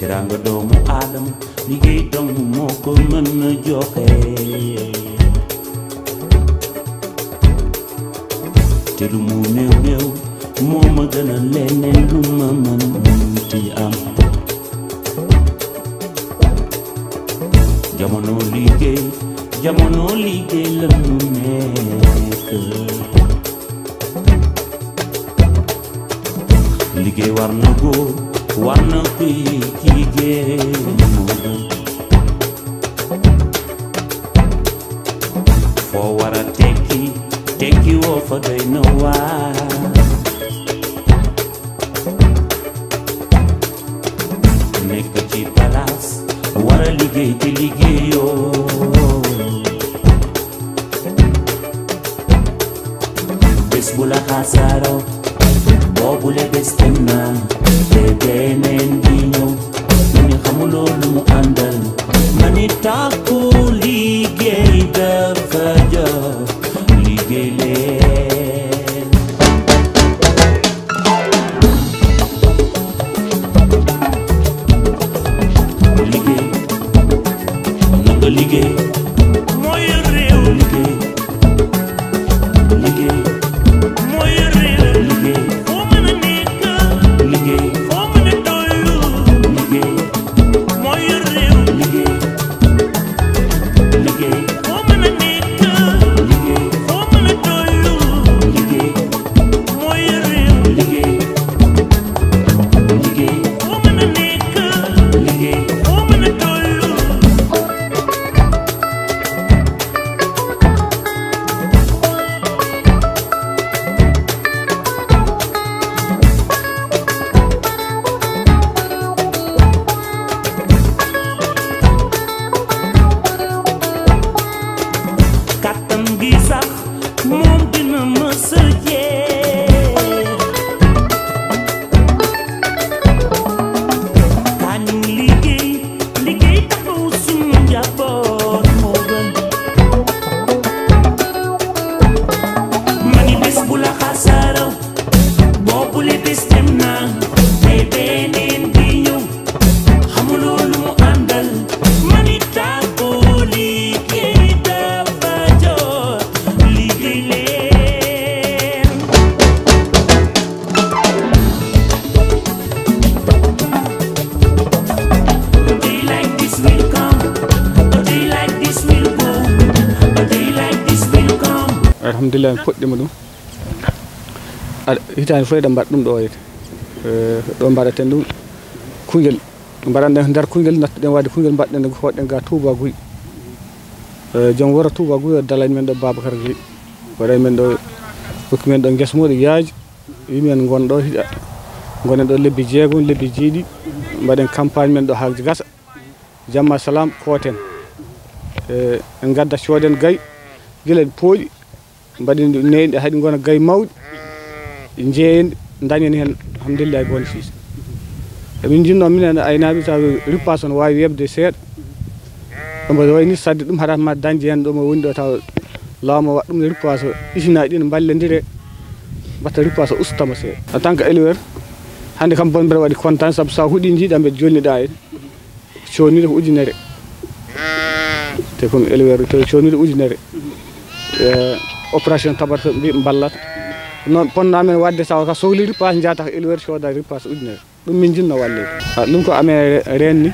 teraanga doomu aadama liggéey dong moo ko mën na joxe te lu néew néew moo ma gën a leneen lu ma mën ti am jamono liggéey jamono liggéey la nekk liggéey war na góor wanna be again for what I take you take you over they know why nekk ci palaas war a liggéey te liggéeyoo bés bu la xaasaaroo boobu la bés te beneen di ñëw lu ñu xamuloo lu mu àndal mani tàkku alhamdulillah mi poɗɗima ɗum hitande fof eɗen mbaɗa ɗum ɗo wayde eh, ɗo mbaɗaten ɗum kuyngel mbaɗanɗen nder kuyngel nattuɗen wadde kuyngel mbaɗɗen hoɗɗen ga touba guy eh, joom wora touba guy o dalani men ɗo babacar guy waɗa men ɗo hokki men ɗo guesa muɗo yaajo wimen gonɗo hiɗa gonen ɗo lebbi jeegom lebbi jiiɗi mbaɗen campagne men ɗo haaji gasa jamma salam kooten eh, en gadda cooden gay gila pooƴi mbaɗen ɗum neyɗe haɗi gona gaye mawɗi jeeyen dañen heen alhamdulillahi boone fiis emin jinno minen aynaaɓe taw rippas on waawi webde seeɗa omo wayni sadde ɗum haɗata ma dañde heen ɗo mo woni ɗo taw laamu waɗa ɗum no rippas o usine mbatta rippas o ustama seeɗa en tant que éleveur hannde kam bon mbeɗa waɗi contant sabu so huuɗi jiiɗa mbeɗa jolniɗa en coonnude ko ujunere te comme éleveur to coonnude ujunere eh, opération tabarta mbi ballat noon ponnamen wadde tawa ka sohli ripas jata ko éleveur cooda ripas ujunere ɗum min jinno walleede ɗum ah, ko amen renni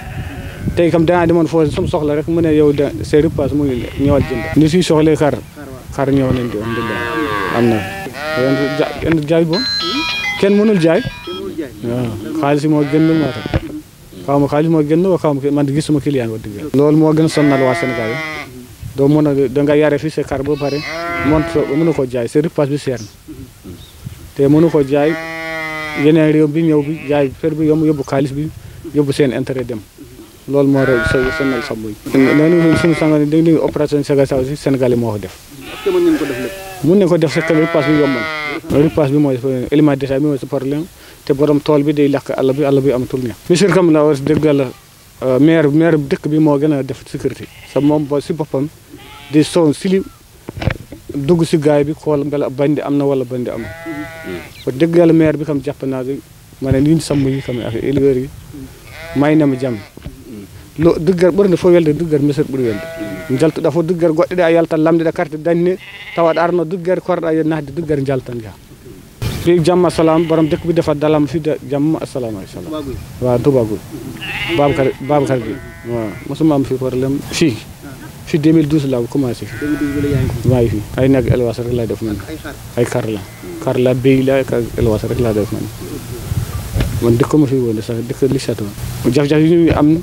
tawi kam danade moon fof somi sohla rek mune yewde se ripas mu ñool jinde ndi si sohle kar kar ñownendi on ndilla amna en jaawi boon ken munul jaawi haalisi ah, mo gennul ma tan kawmo haalis mo gennuo kawmo mande gissuma client wadde loolu moo gën sonnal waa sénégal do mona do nga yare fi se kar bo pare montre mënu ko jaay c'est ripaas bi seer na te mënu koo jaay yeneen réew bi ñëw bi jaay fer bi yomb yóbbu xaalis bi yóbbu seen intérêt dem loolu moo rëy sa sa buy noonu suñu sanga ne dañu opération si sénégalais moo ko mun ne ko def sa kër ripaas bi yomb na ripaas bi mooy élément détail bi mooy sa problème te borom tool bi day lakk àll bi àll bi amatul ñax monsieur Kam la war dëgg la euh, dëkk bi moo gën a def sécurité sa moom ba boppam di son sili dugg si gaay bi xool mbela bandi am na wala bandi am kon mm-hmm. dëgg yàlla maire bi xam jàpp naa ma ne li ñu sàmm yi xam ne ak éleveurs yi may na ma jàmm mm-hmm. lo duggar ɓurde fof welde duggar misir ɓuuri welde mm-hmm. jaltuɗa fof duggar goɗɗe ɗe a yaltan lamde ɗa carte dañne tawa aɗa arno duggare korɗa yen nahde duggare jaltan jaha fi jamma assalamu borom dekko bi defa dalama fide jam assalamu aleykum salam wa tubagoy babakar babakar bi wa musumama fi hoore lem fii depuis 2012 laa commencé fi. 2012 yaa ngi fi. ay nag élevage rek laa def man. ay xar la. xar la béy la ak élevage rek laa def man. man dëkk ma fi woon sax dëkk li château. jafe-jafe yi ñuy am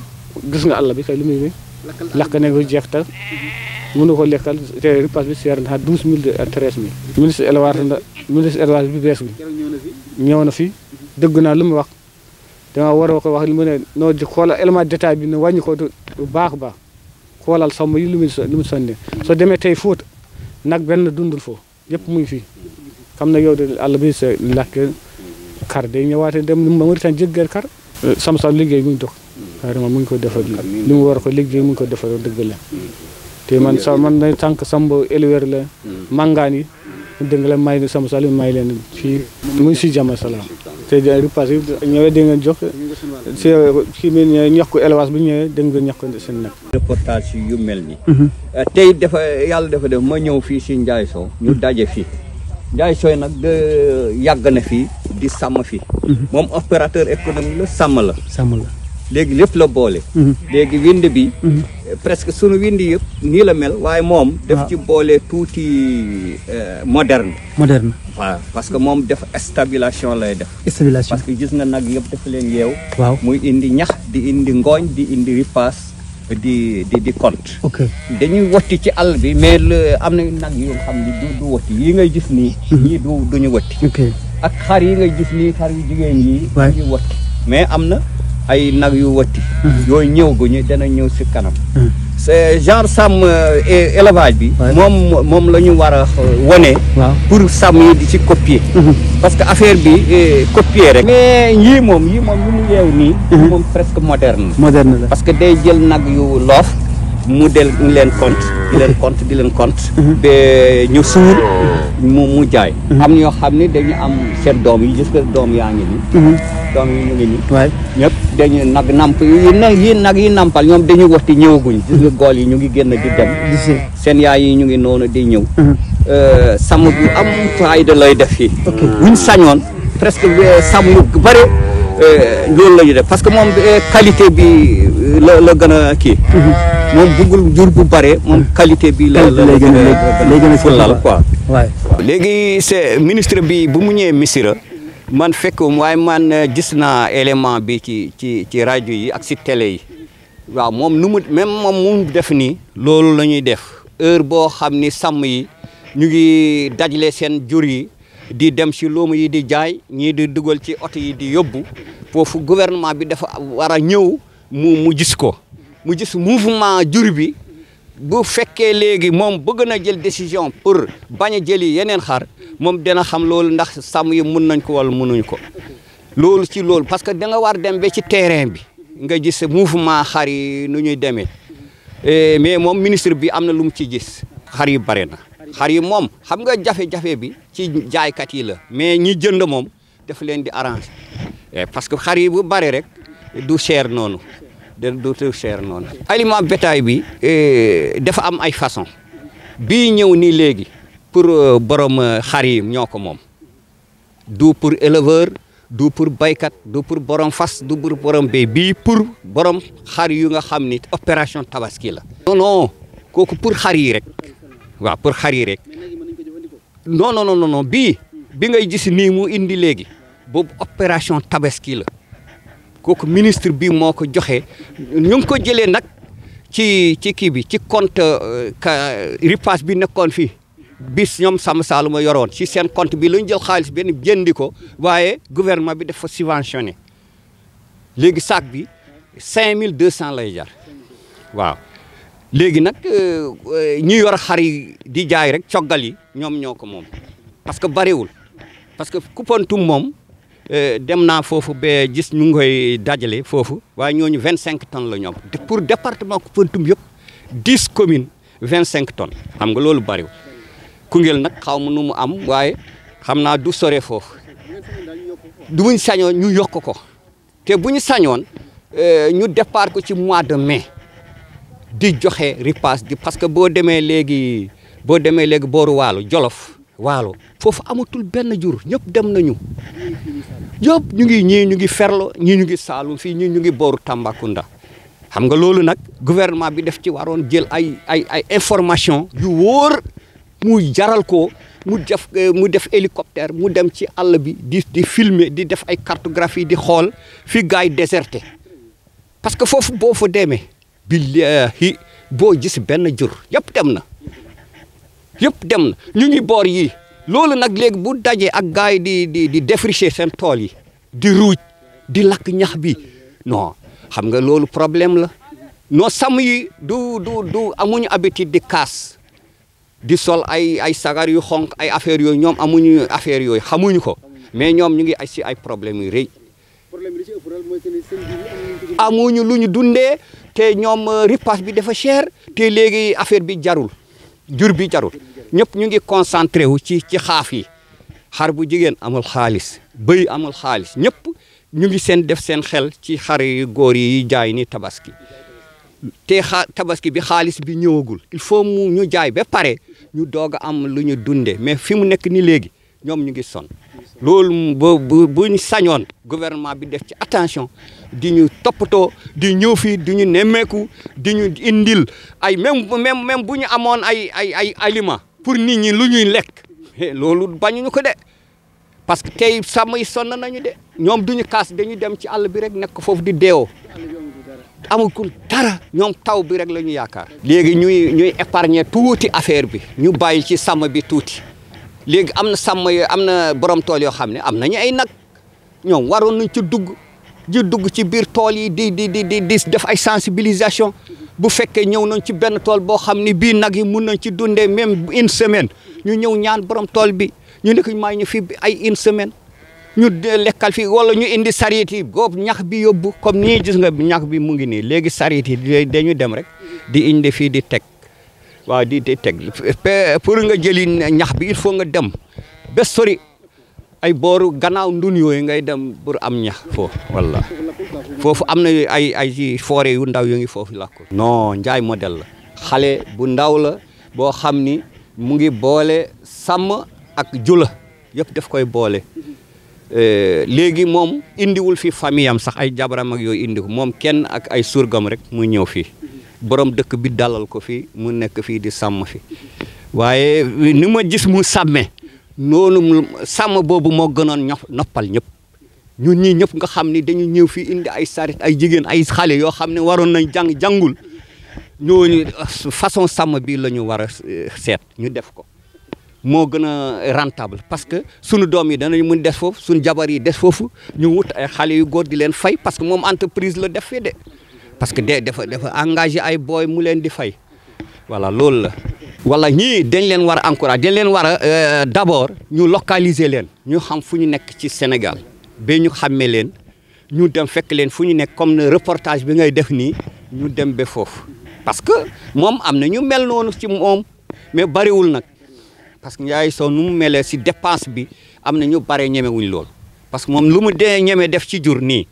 gis nga àll bi kay lu muy la lakk ne ko jeex ta mënu ko lekkal te repas bi seer na douze mille à treize mille. ministre élevage na ministre élevage bi bees bi ñëw fi dëgg naa lu mu wax dama war a ko wax li mu ne noo xoolal élément détail bi ne wàññi ko baax a baax. xoolal sàmm yi lu muy lu muy sonni soo demee tey Fuuta nag benn dundul foofu yëpp muy fii xam na yow de àll bi sa làkk kar day ñëwaate dem lu Mauritanie jéggeer kar sam-sam liggéey mu ngi dox carrément mu ngi ko defal li mu war ko liggéey mu ngi ko defal dëgg la te man sa man na tànk samb éleveur la mangaan yi dëgg la may sam-sam may leen fii mu ngi si jàmm salaam te dina repasse yi ñëwee da ngeen jox si si ñax ko élevage bi ñëwee da nga ñax ko seen nag reportage yu mel ni mhm. euh, tey dafa yàlla dafa def ma ñëw fii si Ndiaye Sow ñu mhm. daje fii Ndiaye Sow nag de euh, yàgg na fii di sàmm fii mhm. moom opérateur économique la la sàmm la léegi lépp la boole. Mhm. léegi wind bi. Mhm. presque sunu wind yëpp nii la mel waaye moom. def ci boole tuuti euh, moderne. moderne waaw parce que moom def stabilisation lay def. stabilisation parce que gis nga nag yëpp dafa leen yeew. waaw muy indi ñax di indi ngooñ di indi ripaas di di di compte. dañuy wotti ci àll bi mais am na nag yoo xam ne du du yi ngay gis nii. ñii mhm. du duñu wotti. ak xar yi ngay gis nii xar yu jigéen yi. waay du ñu wotti mais am na. ay nag yu wëtti hmm. yooyu ñëw gu ñu dana ñëw si kanam hmm. c'est genre sàmm eh, élevage bi moom moom la ñu war a euh, wone pour sàmm yi di ci copier hmm. parce que affaire bi eh, copier rek mais yii moom yii moom yu mu yeew nii moom presque moderne moderne la parce que day jël nag yu loof mu del ñu leen compte di leen compte di leen compte ba ñu mu mu jaay mhm. am na ñoo xam ne dañu am seen doom yi gis nga doom yaa ngi nii mhm. doom yi ñu nag namp yi nag yi nag yi nampal ñoom dañuy waxti ñëwaguñ gis nga gool yi ñu ngi génn di dem seen yaay yi ñu ngi noonu di ñëw mhm. euh, sàmm bu am fayda lay def fi buñ sañoon presque euh, sàmm yu bëri euh, loolu lay ñu def parce que moom qualité bi la la gën a kii moom bëggul jur bu bare moom qualité bi la la lay gën a lay léegi c'est ministre bi bu mu ñëwee Missirah man fekk waaye man euh, gis naa élément bi ci ci ci rajo yi ak si télé yi waaw moom nu mu moom mu def nii loolu la ñuy def heure boo xam ni sàmm yi ñu ngi dajale seen jur yi di dem si loomu yi di jaay ñii di dugal ci oto yi di yóbbu foofu gouvernement bi dafa war a ñëw mu mu gis ko mu gis mouvement jur bi bu fekkee léegi moom bëgg na jël décision pour bañ a jëli yeneen xar moom dina xam loolu ndax sàmm yi mun nañ ko wala mënuñ ko loolu ci loolu parce que da nga war dem ba ci terrain bi nga gis mouvement xar yi nu ñuy demee eh, mais moom ministre bi am na lu ci gis xar yi bare na xar yi moom xam nga jafe-jafe bi ci jaaykat yi la mais ñi jënd moom daf leen di arranger eh, parce que xar yi bu bare rek du cher noonu dootul cher noonu. aliment bétail bi eh, dafa am ay façon bii ñëw nii léegi pour euh, borom euh, xar yi ñoo ko moom du pour éleveur du pour baykat du pour borom fas du pour borom béy bii pour borom xar yu nga xam ni opération tabaski la. non kooku pour xar yi rek waaw pour xar rek non non non non bii bi ngay gis nii mu indi léegi boobu opération tabaski la. kooku ministre bi moo ko joxe ñu ngi ko jëlee nag ci ci kii bi ci compte euh, ripaas bi nekkoon fii bis ñoom Sàmm Saalum ma yoroon ci seen compte bi lu ñu jël xaalis benn jëndi ko waaye gouvernement bi dafa subventionné léegi saak bi 5200 lay jar waaw léegi nag euh, euh, ñi yor xar yi di jaay rek coggal yi ñoom ñoo ko moom parce que bariwul parce que Koupantoum moom. Euh, dem naa foofu ba gis ñu ngi koy dajale foofu waaye ñooñu vingt cinq tonnes la ñoom pour département Koupentoum yëpp dix communes vingt cinq tonnes xam nga loolu bariwul Koungheul nag xaw ma nu mu am waaye xam naa du sore foofu du buñ sañoon ñu yokk ko te bu ñu sañoon euh, ñu départ ko ci mois de mai di joxe ripaas di parce que boo demee léegi boo demee léegi booru waalo Jolof waalo foofu amatul benn jur ñëpp dem nañu yëpp ñu ngi ñii ñu ngi Ferlo ñii ñu ngi Saalum fii ñii ñu ngi booru Tambacounda xam nga loolu nag gouvernement bi def ci waroon jël ay ay ay information yu wóor mu jaral ko mu def euh, mu def hélicoptère mu dem ci àll bi di di filmer di def ay cartographie di xool fi gars yi déserté parce que foofu boo fa demee billahi boo ji si benn jur yëpp dem na yëpp dem na ñu ngi boor yii loolu nag léegi bu dajee ak gars yi di di di défricher seen tool yi di ruuj di lakk ñax bi non xam nga loolu problème la non sàmm yi du du du amuñu habitude di kaas di sol ay ay sagar yu xonk ay affaire yooyu ñoom amuñu affaire yooyu xamuñu ko mais ñoom ñu ngi ay si ay problème yu rëy amuñu lu ñu dundee te ñoom euh, ripaas bi dafa cher te léegi affaire bi jarul jur bi jarul ñëpp ñu ngi concentré wu ci ci xaaf yi xar bu jigéen amul xaalis bëy amul xaalis ñëpp ñu ngi seen def seen xel ci xar yu góor yi jaay ni tabaski te xa tabaski bi xaalis bi ñëwagul il faut mu ñu jaay ba pare ñu doog a am lu ñu dundee mais fi mu nekk ni léegi ñoom ñu ngi son loolu bu bu sañoon gouvernement bi def ci attention di ñu toppatoo di ñëw fii di ñu nemmeeku di ñu indil ay même même même bu ñu amoon ay ay ay aliments pour nit ñi lu ñuy lekk loolu bañu bañuñu ko de parce que tey sàmm yi sonn nañu de ñoom duñu kaas dañuy dem ci àll bi rek nekk foofu di deewoo amagul dara ñoom taw bi rek la ñu yaakaar. léegi ñuy ñuy épargner tuuti affaire bi ñu bàyyi ci sàmm bi tuuti léegi am na sàmm yoo am na borom tool yoo xam ne am nañu ay nag ñoom waroon nañ ci dugg. ji dugg ci biir tool yi di di di di def ay sensibilisation bu fekke ñëw nañ ci benn tool boo xam ni bii nag yi mun nañ ci dundee même une semaine ñu ñëw ñaan borom tool bi ñu nekk may ñu fi ay une semaine ñu lekkal fi wala ñu indi sareet yi góob ñax bi yóbbu comme nii gis nga ñax bi mu ngi nii léegi sareet yi dañu dem rek di indi fii di teg waaw di di teg pour nga jëli ñax bi il faut nga dem ba ay boor gannaaw ndun yooyu ngay dem pour am ñax foofu walla foofu am na ay ay forêt yu ndaw yu ngi foofu làkku non njaay modèle la xale bu ndaw la boo xam ni mu ngi boole sàmm ak jula yëpp daf koy boole eh, léegi moom indiwul fi famille am sax ay jabaram ak yooyu indi moom kenn ak ay surgam rek mu ñëw fii borom dëkk bi dalal ko fi mu nekk fii di sàmm fi waaye ni ma jis mu sàmmee noonu sàmm boobu moo gënoon ño noppal ñëpp ñun ñii ñëpp nga xam ni dañu ñëw fii indi ay saret ay jigéen ay xale yoo xam ne waroon nañ jàng jàngul ñooñu façon sàmm bi la ñu war a eh, seet ñu def ko moo gën a rentable parce que sunu doom yi danañ mun des foofu sunu jabar yi des foofu ñu wut ay xale yu góor di leen fay parce que moom entreprise la def fii de parce que de dafa dafa engagé ay booy mu leen di fay voilà loolu la. wala ñii dañ leen war a encouragé dañ leen war a euh, d' abord ñu localiser leen ñu xam fu ñu nekk ci Sénégal ba ñu xàmmee leen ñu dem fekk leen fu ñu nekk comme ne reportage bi ngay def nii ñu dem ba foofu. parce que moom am na ñu mel noonu ci moom mais bariwul nag parce que Ndiaye soo nu mu melee si dépense bi am na ñu bare ñemewuñ loolu parce que moom lu mu dee ñeme def ci jur nii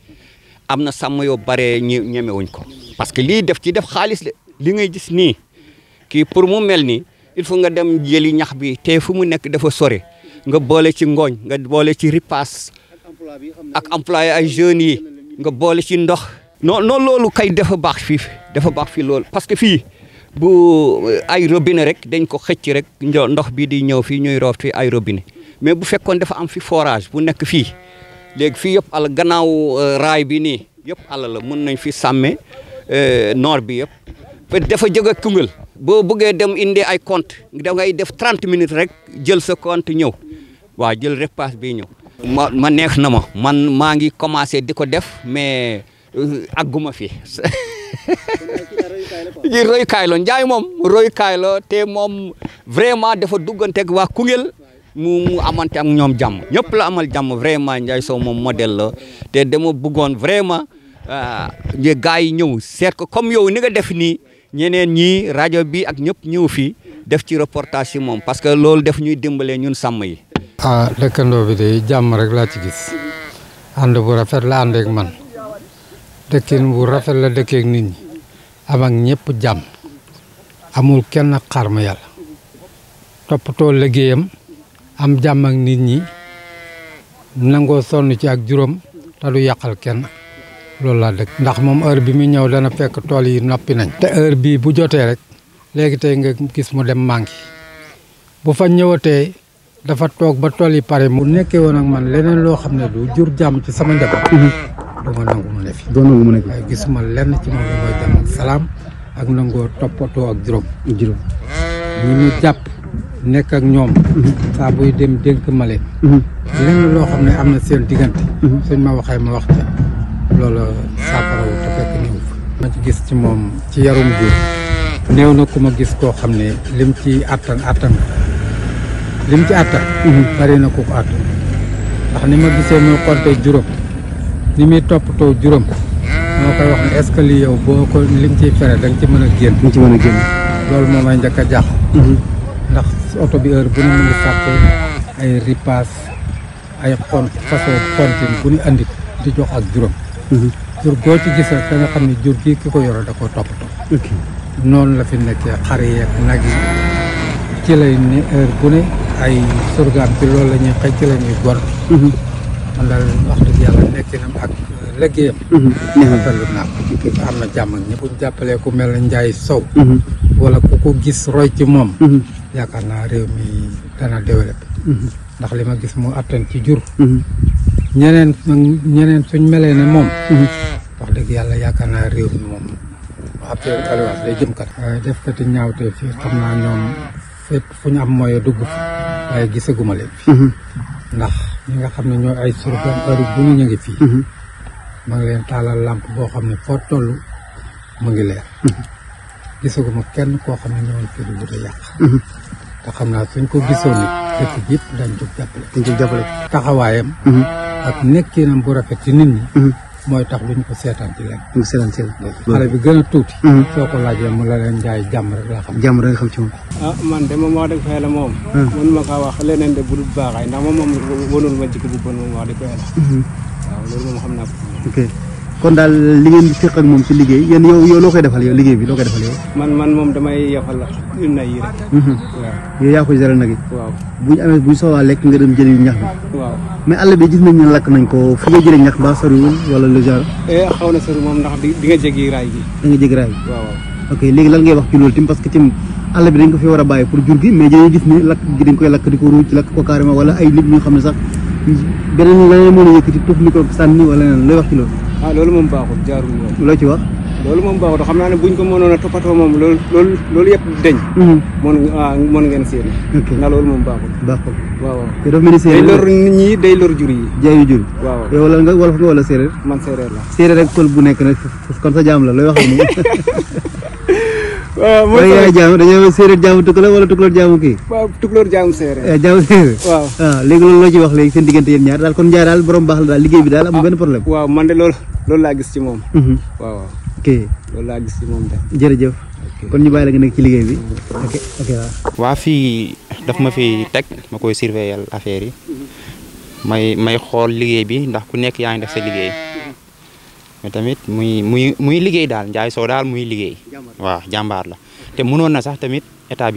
am na sàmm yoo bare ñemewuñ ko. parce que lii def ci def xaalis li ngay nii. kii pour mu mel ni il faut nga dem jëli ñax bi te fu mu nekk dafa sore nga boole ci ngooñ nga boole ci ripaas ak employé ay jeunes yi nga boole ci ndox. non non loolu kay dafa baax fii dafa baax fii loolu parce que fii bu euh, ay robine rek dañ ko xëcc rek ndox bi di ñëw fii ñuy roof fii ay robinet mais bu fekkoon dafa am fi forage bu nekk fii léegi fii yëpp àll gannaaw euh, raay bi nii yëpp àll la mën nañ fi sàmme euh, noor bi yëpp. dafa jóg ak boo bëggee dem indi ay compte da ngay def 30 minutes rek jël sa compte ñëw waaw jël repas bi ñëw. ma ma neex na ma man maa ngi commencé di ko def mais euh, àgguma fi ji roykaay la Ndiaye moom roykaay la te moom vraiment dafa dugganteeg waa Koungheul mu mu amante ak ñoom jàmm ñëpp la amal jàmm vraiment Ndiaye Sow moom modèle la te dama bëggoon vraiment ñu euh, gars yi ñëw seet ko comme yow ni nga def nii. ñeneen ñi rajo bi ak ñëpp ñëw fii def ci reportage ci moom parce que loolu def ñuy dimbalee ñun sàmm yi. ah bi de jàmm rek laa ci gis ànd bu rafet la ànd man dëkkin bu rafet la dëkkeek nit ñi am ak ñëpp jàmm amul kenn xar ma yàlla toppatoo liggéeyam am jàmm nit ñi nangoo sonn ci ak juróom te du yàqal kenn. loolu laa dëkk ndax moom heure bi muy ñëw dana fekk tool yi noppi nañ te heure bii bu jotee rek léegi tey nga gis mu dem manqué bu fa ñëwatee dafa toog ba tool yi pare mu nekkee woon ak man leneen loo xam ne du jur jàmm ci sama njaboot mhm. du ma nangu mu ne fi doo nangu mu ne fi waaye gisuma lenn ci salaam ak nangoo toppatoo ak juróom juróom nekk ak ñoom mhm. saa buy dem dénk ma leen mhm. lenn loo xam ne am na seen diggante suñ ma waxee ma wax ca loola saafarawu te fekk néew ma ci gis ci moom ci yarum jur néew na ku ma gis koo xam ne lim ci àttan àttan lim ci àttan mhm. bari na ko àttan ndax ni ma gisee muy xonte juróom ni muy toppatoo juróom moo koy wax ne est-ce que li yow boo ko lim ciy fere da nga ci mën a génn ci mën a génn loolu moom ay njëkk a jàq mhm. ndax oto bi heure bu ne mu ngi ay ripaas ay xont façon xontin bu ñu andi di jox ak juróom jur goo ci gis rek xam ne jur gi ki ko yoro da koo toppatoo noonu la fi nekkee xar yeeg nag yi ci lay ne heure bu ne ay surgaam bi loolu la ñuy ci la ñuy mhm. man daal wax dëgg yàlla nekkinam ak liggéeyam mhm. rafetlu naa ko am na jàmm ak ñëpp buñ jàppalee mel na njaay Sow mhm. wala ku ko gis roy ci moom yaakaar naa réew mi dana développé ndax li ma gis mu attan ci jur ñeneen ñeneen suñ melee ne moom wax dëgg yàlla yaakaar naa réew mi moom affaire élevage day jëm kat def kati ñaawte fii xam naa ñoom fépp fu ñu am mooy dugg fi waaye gisaguma leen fi mhm. ndax ñi nga xam ne ñooy ay surgan heure bu ñu ñu ngi fii mhm. ma ngi leen taalal làmp boo xam ne foo toll mu ngi leer mhm. gisaguma kenn koo xam ne ñëwoon fii du a yàq te xam naa suñ ko gisoon nit dëkk bi yëpp dañ jóg jàppale dañ jóg jàppale taxawaayam ak nekkinam bu rafet ci nit ñi. Mm-hmm. mooy tax lu ñu ko seetaan ci leen. mu seetaan ci xale bi gën a tuuti. Mm-hmm. soo ko laajee mu la leen jaay jàmm rek laa xam. jàmm rek nga xam ci moom. ah man de moom wax dëgg fa la moom. Mm-hmm. mën ma kaa wax leneen de bu dul baaxaay ndax moom moom wonul ma jikko bu bon moom wax dëgg fa yàlla. waaw loolu moom xam naa ko. kon daal li ngeen séq ak moom ci liggéey yéen yow yow loo koy defal yow liggéey bi loo koy defal yow. man man moom damay yafal nag yi mhm. waaw yow yaa ko jaral nag yi. waaw bu ñu amee bu ñu soxlaa lekk nga dem jëli ñax bi. waaw mais àll bi gis nañ ne lakk nañ ko fu ba soriwul wala le eh, na sori moom bi. da nga jéggi raay bi waaw. ok léegi lan ngay parce que tim àll bi dañ ko fi war a bàyyi pour jur gi mais dañuy gis ne lakk gi dañ koy lakk di ko ruuj lakk ko carrément wala ay nit ñoo xam ne sax beneen leneen mën a yëkkati tuuf mi ko sànni wala looy wax ci loolu ah loolu moom baaxul jaarul yoon. loo ci wax. loolu moom baaxul xam naa ne buñ ko mënoon a toppatoo moom loolu loolu loolu yëpp deñ. mën mhm. ah mën ngeen séenu. ok ndax loolu moom baaxul. baaxul waaw waaw. te dafa mel ni séeréer day lor nit ñi day lor jur yi. jaayu jur waaw yow lan nga wolof man séeréer la. séeréer rek pël bu nekk nag kon sa jaam la looy wax moom. waaw ah, mooy yaay jaamu dañoo am wala tukulóor jaamu kii. waaw tukulóor jaamu séeréer. Eh, jaamu séeréer. waaw ah, wax léegi seen diggante yéen ñaar daal kon Ndiaye daal borom baax la daal liggéey bi daal amul ah, benn moom. waaw laa gis ci moom mhm. jërëjëf kon ñu bàyyi la nga nekk ci liggéey bi. Mm-hmm. ok waa fii daf ma fi teg ma koy surveiller affaire yi. Mm-hmm. may may xool liggéey bi ndax ku nekk yaa ngi def sa liggéey. Mm-hmm. tamit muy muy muy liggéey daal Ndiaye Sow daal muy liggéey waaw jàmbaar la te mënoon na sax tamit état